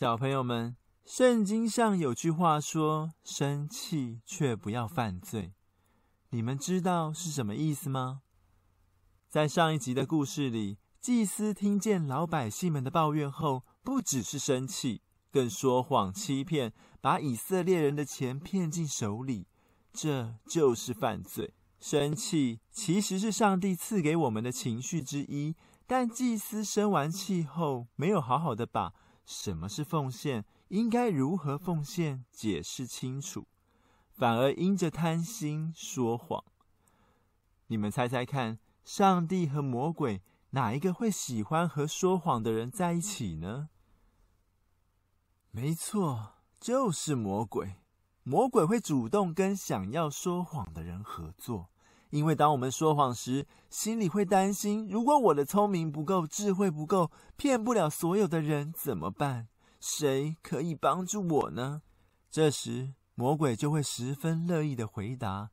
小朋友們，聖經上有句話說：“生氣卻不要犯罪。”你們知道是什麼意思嗎？在上一集的故事裡，祭司聽見老百姓們的抱怨後，不只是生氣，更說謊欺騙，把以色列人的錢騙進手裡。這就是犯罪。生氣其實是上帝賜給我們的情緒之一，但祭司生完氣後，沒有好好的把什麼是奉獻，應該如何奉獻，解釋清楚，反而因着貪心說謊。你們猜猜看，上帝和魔鬼哪一個會喜歡和說謊的人在一起呢？沒錯，就是魔鬼。魔鬼會主動跟想要說謊的人合作。因為當我們說謊時，心裡會擔心：如果我的聰明不夠、智慧不夠，騙不了所有的人，怎麼辦？誰可以幫助我呢？這時，魔鬼就會十分樂意地回答：“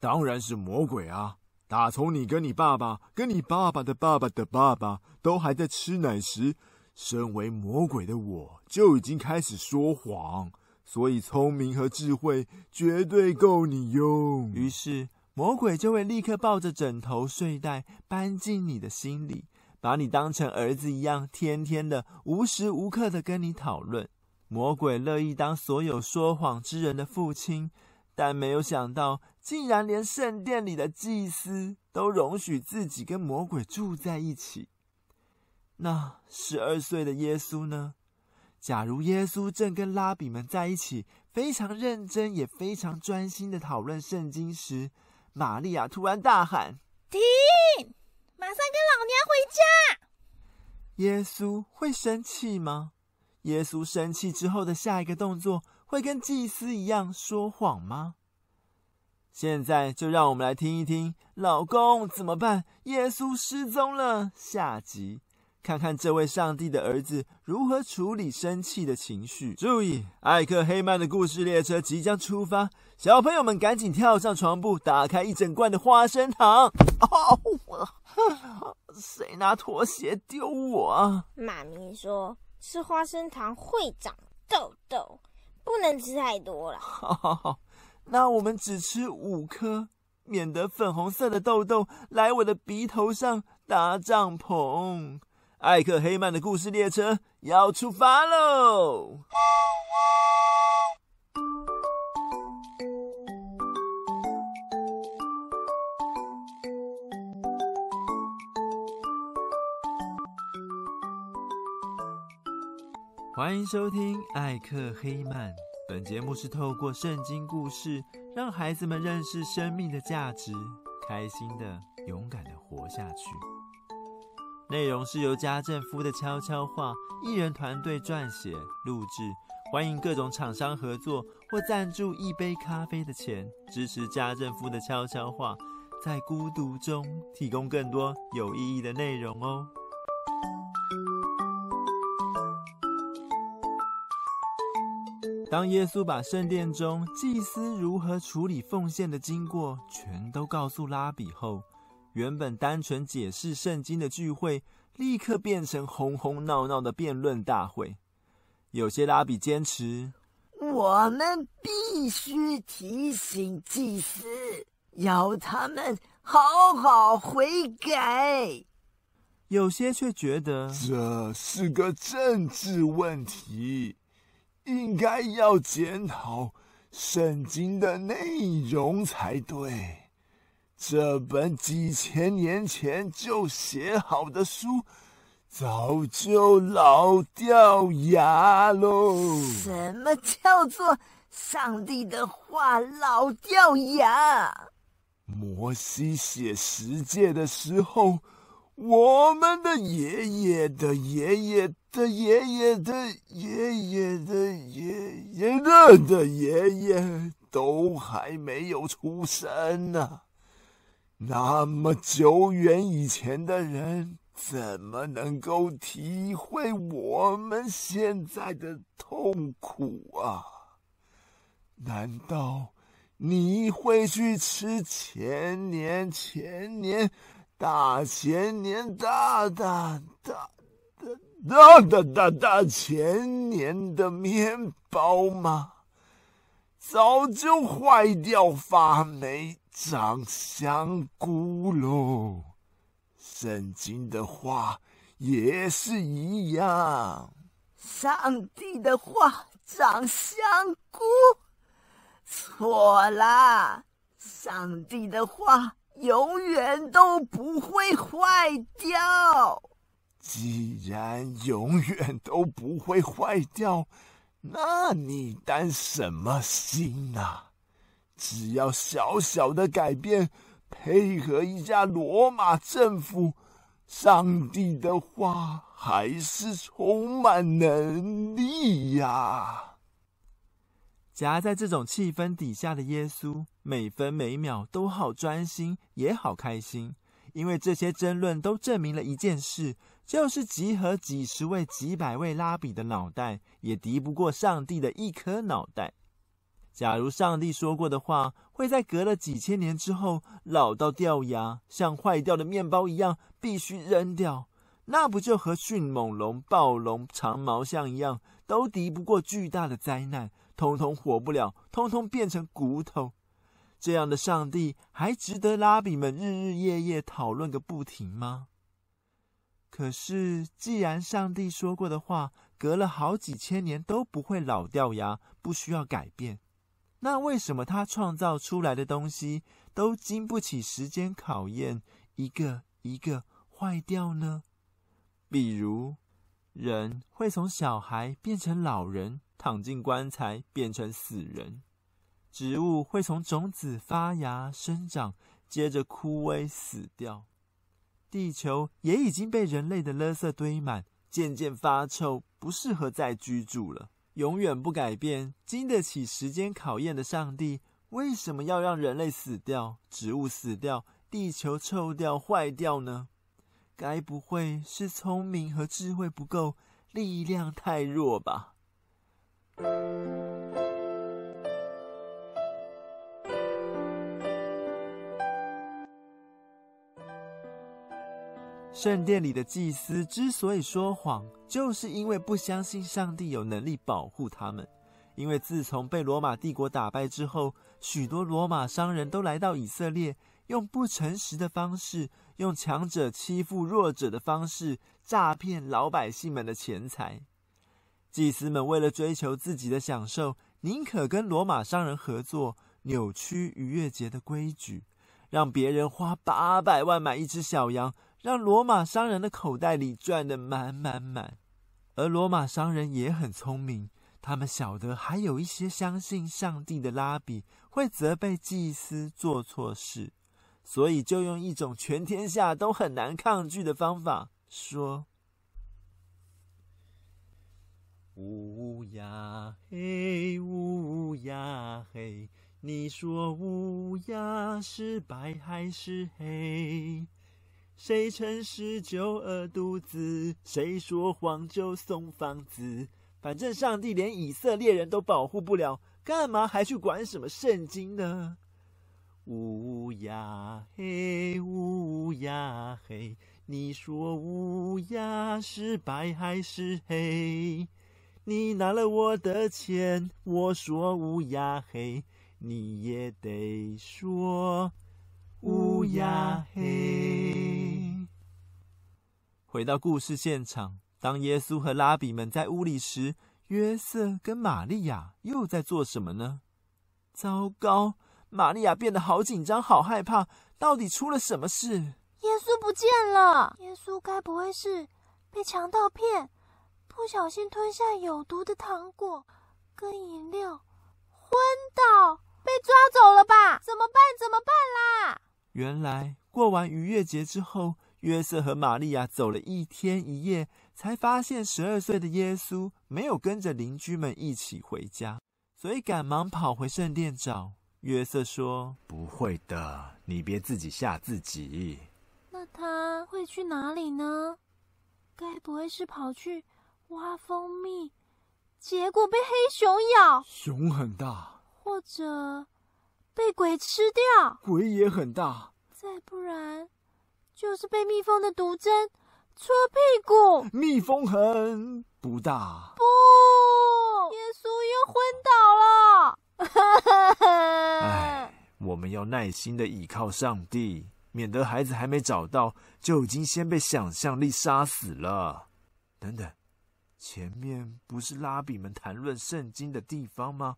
當然是魔鬼啊！打從你跟你爸爸、跟你爸爸的爸爸的爸爸都還在吃奶時，身為魔鬼的我就已經開始說謊，所以聰明和智慧絕對夠你用。”於是。魔鬼就會立刻抱着枕頭睡袋搬進你的心裡，把你當成兒子一樣，天天的無時無刻的跟你討論。魔鬼樂意當所有說謊之人的父親，但沒有想到竟然連聖殿裡的祭司都容許自己跟魔鬼住在一起。那十二歲的耶穌呢？假如耶穌正跟拉比們在一起，非常認真也非常專心的討論聖經時。瑪利亞突然大喊：“停！馬上跟老娘回家！”耶穌會生氣嗎？耶穌生氣之後的下一個動作會跟祭司一樣說謊嗎現在就讓我們來聽一聽老公怎麼辦耶穌失蹤了下集。看看這位上帝的兒子如何處理生氣的情緒。注意，艾克黑曼的故事列車即將出發，小朋友們趕緊跳上床鋪，打開一整罐的花生糖。啊、哦哦哦！誰拿拖鞋丟我啊？媽咪說吃花生糖會長痘痘，不能吃太多了。好、哦，那我們只吃五顆，免得粉紅色的痘痘來我的鼻頭上搭帳篷。艾克黑曼的故事列車要出發嘍！歡迎收聽艾克黑曼。本節目是透過聖經故事，讓孩子們認識生命的價值，開心的、勇敢的活下去。內容是由家政夫的悄悄話藝人團隊撰寫、錄制，歡迎各種廠商合作或贊助一杯咖啡的錢，支持家政夫的悄悄話，在孤獨中提供更多有意義的內容哦。當耶穌把聖殿中祭司如何處理奉獻的經過全都告訴拉比後。原本單純解釋聖經的聚會，立刻變成哄哄鬧鬧的辯論大會。有些拉比堅持，我們必須提醒祭司，要他們好好悔改。有些卻覺得這是個政治問題，應該要檢討聖經的內容才對。這本幾千年前就寫好的書，早就老掉牙嘍！什麼叫做上帝的話老掉牙？摩西寫十誡的時候，我們的爺爺的爺爺的爺爺的爺爺的爺爺的爺爺的爺爺的爺爺的爺爺都還沒有出生呢、啊。那麼久遠以前的人怎麼能夠體會我們現在的痛苦啊？難道你會去吃前年、前年、大前年、大大大、大大大大、大、大、大、大前年的麵包嗎？早就壞掉發霉。長香菇嘍，聖經的話也是一樣。上帝的話長香菇？錯啦！上帝的話永遠都不會壞掉。既然永遠都不會壞掉，那你擔什麼心啊？只要小小的改變，配合一下羅馬政府，上帝的話還是充滿能力呀、啊。夾在這種氣氛底下的耶穌，每分每秒都好專心，也好開心，因為這些爭論都證明了一件事，就是集合幾十位、幾百位拉比的腦袋，也敵不過上帝的一顆腦袋。假如上帝說過的話會在隔了幾千年之後老到掉牙，像壞掉的麵包一樣必須扔掉，那不就和迅猛龍、暴龍、長毛象一樣，都敵不過巨大的災難，通通活不了，通通變成骨頭。這樣的上帝還值得拉比們日日夜夜討論個不停嗎？可是，既然上帝說過的話隔了好幾千年都不會老掉牙，不需要改變。那為什麼他創造出來的東西都經不起時間考驗，一個一個壞掉呢？比如，人會從小孩變成老人，躺進棺材變成死人；植物會從種子發芽生長，接着枯萎死掉；地球也已經被人類的垃圾堆滿，漸漸發臭，不適合再居住了。永遠不改變、經得起時間考驗的上帝，為什麼要讓人類死掉、植物死掉、地球臭掉、壞掉呢？該不會是聰明和智慧不夠，力量太弱吧？聖殿裡的祭司之所以說謊，就是因為不相信上帝有能力保護他們。因為自從被羅馬帝國打敗之後，許多羅馬商人都來到以色列，用不誠實的方式，用強者欺負弱者的方式，詐騙老百姓們的錢財。祭司們為了追求自己的享受，寧可跟羅馬商人合作，扭曲逾越節的規矩，讓別人花八百萬買一隻小羊。讓羅馬商人的口袋裡賺得滿滿滿，而羅馬商人也很聰明，他們曉得還有一些相信上帝的拉比會責備祭司做錯事，所以就用一種全天下都很難抗拒的方法說：“烏鴉黑，烏鴉黑，你說烏鴉是白還是黑？”誰誠實就餓肚子，誰說謊就送房子。反正上帝連以色列人都保護不了，幹嘛還去管什麼聖經呢？烏鴉黑，烏鴉黑，你說烏鴉是白還是黑？你拿了我的錢，我說烏鴉黑，你也得說。烏鴉黑。回到故事現場，當耶穌和拉比們在屋裡時，約瑟跟瑪利亞又在做什麼呢？糟糕！瑪利亞變得好緊張、好害怕，到底出了什麼事？耶穌不見了！耶穌該不會是被強盜騙，不小心吞下有毒的糖果跟飲料，昏倒被抓走了吧？怎麼辦？怎麼辦啦？原來過完逾越節之後，約瑟和瑪利亞走了一天一夜，才發現十二歲的耶穌沒有跟着鄰居們一起回家，所以趕忙跑回聖殿找約瑟說：“不會的，你別自己嚇自己。”那他會去哪裡呢？該不會是跑去挖蜂蜜，結果被黑熊咬？熊很大，或者……被鬼吃掉，鬼也很大。再不然，就是被蜜蜂的毒針戳屁股。蜜蜂很不大。不，耶穌又昏倒了。哎， 我們要耐心地倚靠上帝，免得孩子還沒找到，就已經先被想象力殺死了。等等，前面不是拉比們談論聖經的地方嗎？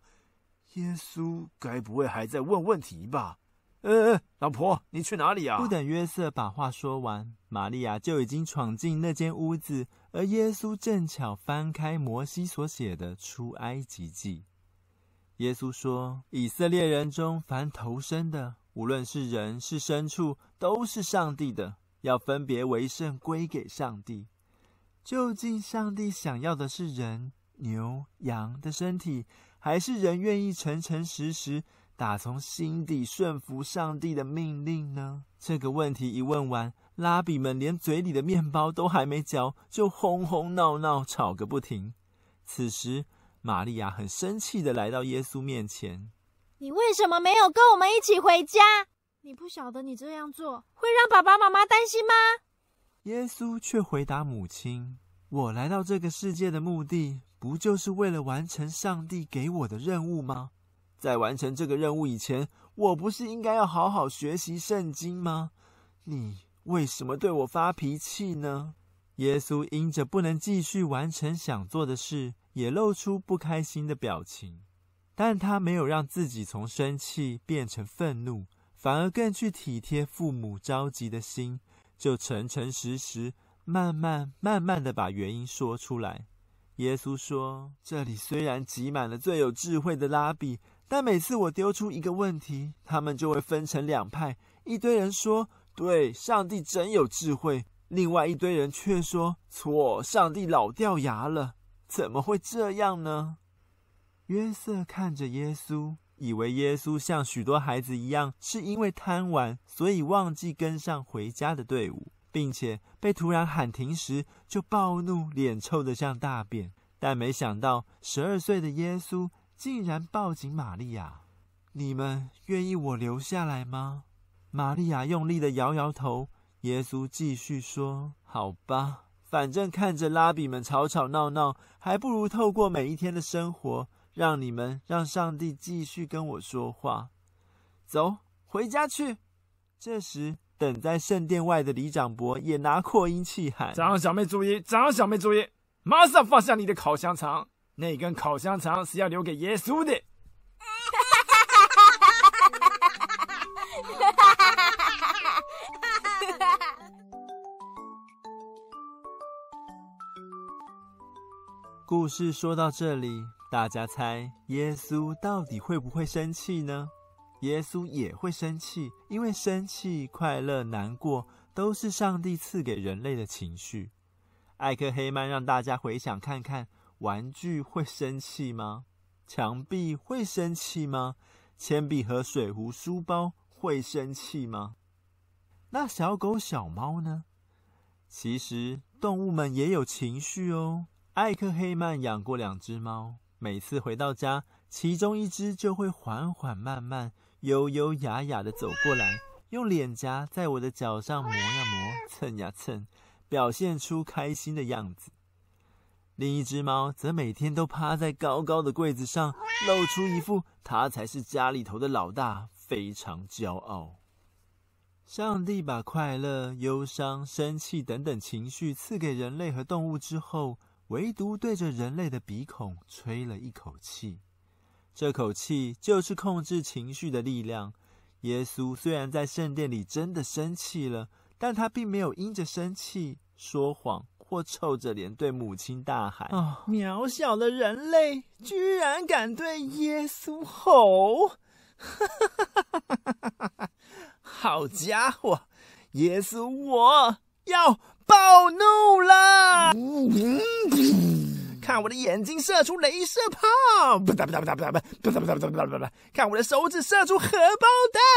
耶穌該不會還在問問題吧？呃，老婆，你去哪裡啊？不等約瑟把話說完，瑪利亞就已經闖進那間屋子，而耶穌正巧翻開摩西所寫的《出埃及記》。耶穌說：“以色列人中凡頭生的，無論是人是牲畜，都是上帝的，要分別為聖，歸給上帝。究竟上帝想要的是人、牛、羊的身體？”還是人願意誠誠實實，打從心底順服上帝的命令呢？這個問題一問完，拉比們連嘴裡的麵包都還沒嚼，就哄哄鬧鬧，鬧，吵個不停。此時，瑪利亞很生氣地來到耶穌面前：“你為什麼沒有跟我們一起回家？你不曉得你這樣做會讓爸爸媽媽擔心嗎？”耶穌卻回答母親：“我來到這個世界的目的。”不就是為了完成上帝給我的任務嗎？在完成這個任務以前，我不是應該要好好學習聖經嗎？你為什麼對我發脾氣呢？耶穌因着不能繼續完成想做的事，也露出不開心的表情，但他沒有讓自己從生氣變成憤怒，反而更去體貼父母着急的心，就誠誠實實、實、慢慢慢慢地把原因說出來。耶穌說：“這裡雖然擠滿了最有智慧的拉比，但每次我丟出一個問題，他們就會分成兩派。一堆人說對，上帝真有智慧；另外一堆人卻說錯，上帝老掉牙了。怎麼會這樣呢？”約瑟看着耶穌，以為耶穌像許多孩子一樣，是因為貪玩，所以忘記跟上回家的隊伍。並且被突然喊停時，就暴怒，臉臭得像大便。但沒想到，十二歲的耶穌竟然抱緊瑪利亞：“你們願意我留下來嗎？”瑪利亞用力地搖搖頭。耶穌繼續說：“好吧，反正看着拉比們吵吵鬧鬧，還不如透過每一天的生活，讓你們讓上帝繼續跟我說話。走，回家去。”這時。等在聖殿外的里長伯也拿擴音器喊：“張小妹注意，張小妹注意，馬上放下你的烤香腸！那根烤香腸是要留給耶穌的。”哈哈哈哈哈！哈哈哈哈哈！哈哈哈哈哈！故事說到這裡，大家猜耶穌到底會不會生氣呢？耶穌也會生氣，因為生氣、快樂、難過都是上帝賜給人類的情緒。艾克黑曼讓大家回想看看：玩具會生氣嗎？牆壁會生氣嗎？鉛筆盒、水壺、書包會生氣嗎？那小狗、小貓呢？其實動物們也有情緒哦。艾克黑曼養過兩隻貓，每次回到家，其中一隻就會緩緩慢慢。悠悠雅雅的走過來，用臉頰在我的腳上磨呀磨，蹭呀蹭，表現出開心的樣子。另一隻貓則每天都趴在高高的櫃子上，露出一副它才是家裡頭的老大，非常驕傲。上帝把快樂、憂傷、生氣等等情緒賜給人類和動物之後，唯獨對着人類的鼻孔吹了一口氣。這口氣就是控制情緒的力量。耶穌雖然在聖殿裡真的生氣了，但他並沒有因着生氣說謊或臭着臉對母親大喊，哦：“渺小的人類居然敢對耶穌吼！” 好家伙，耶穌我要暴怒了！嗯看我的眼睛射出雷射炮！不打不打不打不打不打不打不打不打！看我的手指射出荷包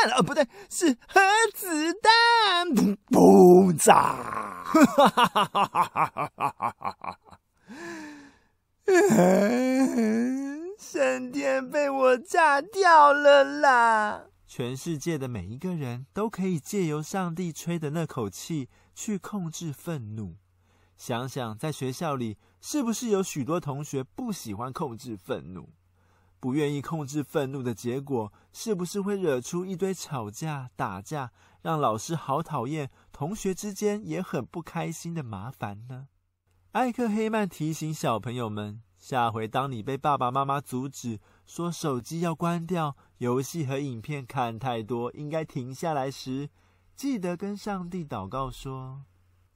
蛋！哦，不對，是核子彈！爆炸！哈哈哈哈哈哈！哈！嗯，神殿被我炸掉了啦！全世界的每一個人都可以借由上帝吹的那口氣去控制憤怒。想想在學校裡。是不是有許多同學不喜歡控制憤怒？不願意控制憤怒的結果，是不是會惹出一堆吵架、打架，讓老師好討厭，同學之間也很不開心的麻煩呢？艾克·黑曼提醒小朋友們，下回當你被爸爸媽媽阻止，說手機要關掉，遊戲和影片看太多，應該停下來時，記得跟上帝禱告說。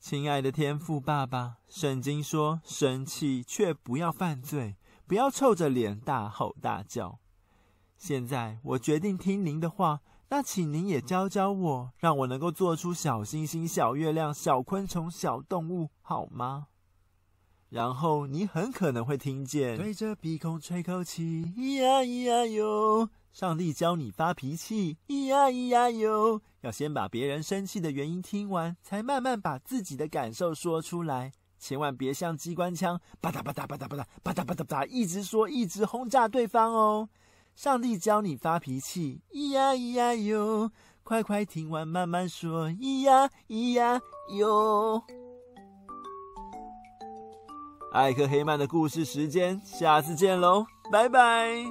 親愛的天父爸爸，聖經說生氣卻不要犯罪，不要臭着臉大吼大叫。現在我決定聽您的話，那請您也教教我，讓我能夠做出小星星、小月亮、小昆蟲、小動物，好嗎？然後你很可能會聽見對着鼻孔吹口氣，咿呀咿呀喲！上帝教你發脾氣，咿呀咿呀喲！要先把別人生氣的原因聽完，才慢慢把自己的感受說出來。千萬別像機關槍，吧嗒吧嗒吧嗒吧嗒吧嗒吧嗒吧嗒，一直說，一直轟炸對方哦。上帝教你發脾氣，咿呀咿呀喲，快快聽完，慢慢說，咿呀咿呀喲。艾克黑曼的故事時間，下次見嘍，拜拜。